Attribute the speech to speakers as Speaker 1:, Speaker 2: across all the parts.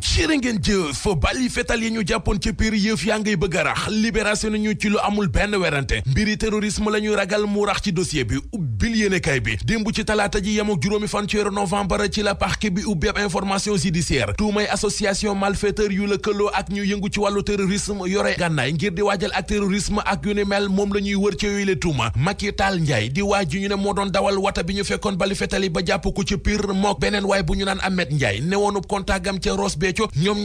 Speaker 1: jërë ngeen jëf bal yi fetal yi ñu jàppoon ci piir yëf yaa ngay bëgg a rax libération nañu ci lu amul benn werante mbiri terrorisme la ñuy ragal mu rax ci dossier bi bil yéene kay bi démb ci talaata ji yem ak juróomi fan ci weeru novembre ci la parquet bi ubbi ab information judiciaire tuumay association malfaiteur yu lëkkaloo ak ñu yëngu ci wàllu terrorisme yore gànnaay ngir di waajal ak terrorisme ak yu ni mel moom la wër ci yooyu la tuuma Macky Tall Ndiaye di waaj ju ñu ne moo doon dawal wata bi ñu fekkoon bali fetali ba jàpp ko ci Pire mook beneen waay bu ñu naan Ahmed Ndiaye newoonub contact gam ca Ross Béthio ñoom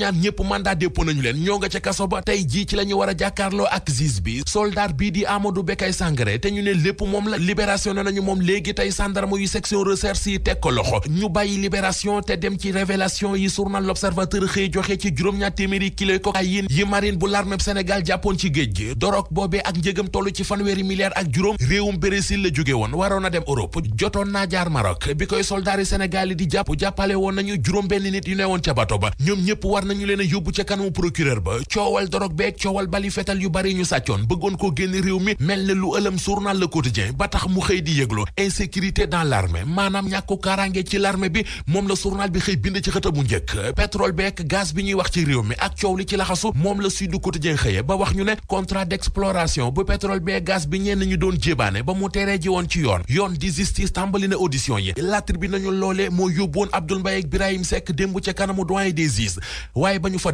Speaker 1: leen ñoo nga ca kaso ba la war a jàkkaarloo ak juge bi soldat bii di Amadou Bekay Sangaré te ñu ne lépp moom la libération nañu moom léegi tey gendarme yu section recherche yi teg ko loxo ñu bàyyi libération te dem ci révélation yi journal l'observateur xëy joxe ci juróom-ñaar téeméeri kilo cocaïne yi marine bu l'armée Sénégal jàppoon ci géej gi dorog boobee ak njëgam toll ci fanweeri milliards ak juróom réewum Brésil la jóge woon waroon a dem Europe jotoon naa jaar Maroc bi koy soldaari Sénégal yi di jàpp jàppale woon nañu juróom benn nit yu ne woon ca bato ba ñoom ñëpp war nañu leen a ca kanamu procureur ba coowal dorog beeg coowal bali fetal yu bari ñu sàccoon bëggoon koo génn réew mi mel ne lu ëlëm journal Le Quotidien ba tax mu xëy di yëg complot insécurité dans l'armée maanaam ñàkku kaaraange ci l'armée bi moom la journal bi xëy bind ci xët bu njëkk pétrole beek gaz bi ñuy wax ci réew mi ak coow li ci laxasu moom la Sud Quotidien xëye ba wax ñu ne contrat d'exploration bu pétrole beek gaz bi ñenn ñu doon jébaane ba mu teree ji woon ci yoon yoon di justice tàmbali na audition yi lattre bi nañu loolee moo yóbboon Abdoul Mbaye ak Birahim démb ca kanamu doyen des juges waaye ba ñu fa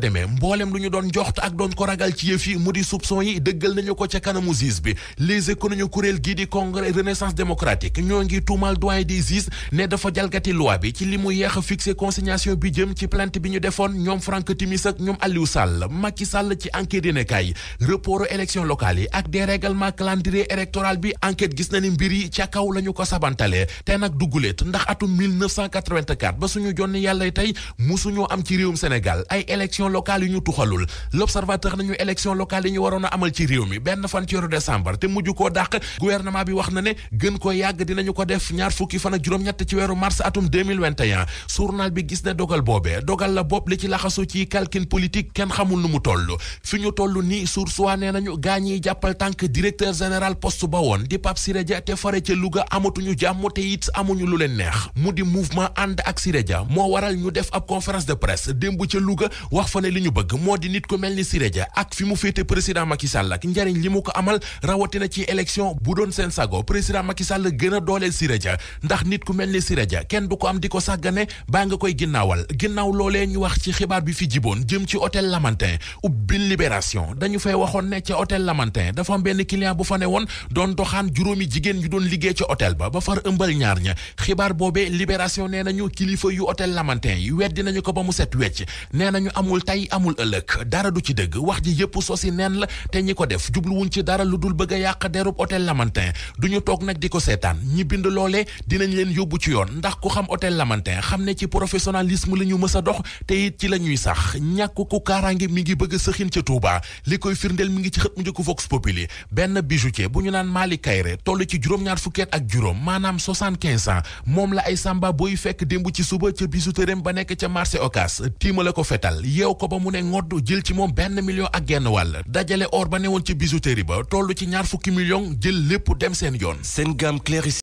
Speaker 1: démocratique ñoo ngi tuumal doyen des juges ne a fixé consignation bi jëm ndax atum ba suñu jonn yàlla tey musuñoo am ci réewum Sénégal ay élection locale yu ñu tuxalul l'observateur nañu élection locale yi ñu waroon a amal ci réew mi benn fan ci te mujj koo dàq gouvernement bi wax na ne gën ko yàgg dinañu ko def ñaar fukki fan ak juróom-ñett ci weeru mars atum 2021 journal bi gis ne dogal boobee dogal la bopp li ci laxasu ci calcul politique kenn xamul nu mu toll fi ñu toll nii suur waa nee nañu gaa ñiy jàppal tànk directeur général post ba woon di Pape Siré Dia te fare ca Louga amatuñu jàmm te it amuñu lu leen neex mu di mouvement ànd ak Siré Dia moo waral ñu def ab conférence de presse démb ca Louga wax fa ne li ñu bëgg moo di nit ku mel ni Siré Dia ak fi mu féete président Macky Sall ak njariñ li mu ko amal rawatina ci élection bu doon seen sago président Macky Sall la gën a dooleel Siré ndax nit ku mel ni Siré Dia kenn du ko am di ko sàggane baa nga koy ginnaawal ginnaaw loolee ñu wax ci xibaar bi fi jiboon jëm ci hôtel Lamantin ubbil libération dañu fay waxoon ne ca hôtel Lamantin dafa am benn client bu fa ne woon doon doxaan juróomi jigéen ñu doon liggéey ci hôtel ba ba far ëmbal ñaar ña xibaar boobe libération nee nañu kilifa yu hôtel Lamantin yi weddi nañu ko ba mu set wecc nee nañu amul tey amul ëllëg dara du ci dëgg wax ji yëpp sosi neen la te ñi ko def jubluwuñ ci dara lu dul bëgg a yàq derub hôtel Lamantin seetaan ñi bind loole dinañ leen yóbbu ci yoon ndax ku xam hôtel Lamantin xam ne ci professionnalisme la ñu mës a dox te it ci la ñuy sax ñàkk ku kaaraange mi ngi bëgg a sëxin ca Touba li koy firndeel mi ngi ci xët mu njëkk Vox popule benn bijoutier bu ñu naan maali Kayre toll ci juróom-ñaar fukki ak juróom maanaam soixante-quinze ans moom la ay samba booy fekk démb ci suba ca bijouterie ba nekk ca marché Ocass tiimale ko fetal yeew ko ba mu ne ngodd jël ci moom benn million ak genn wàll dajale or ba newoon ci bijouterie ba toll ci ñaar fukki million jël lépp dem seen yoon clair et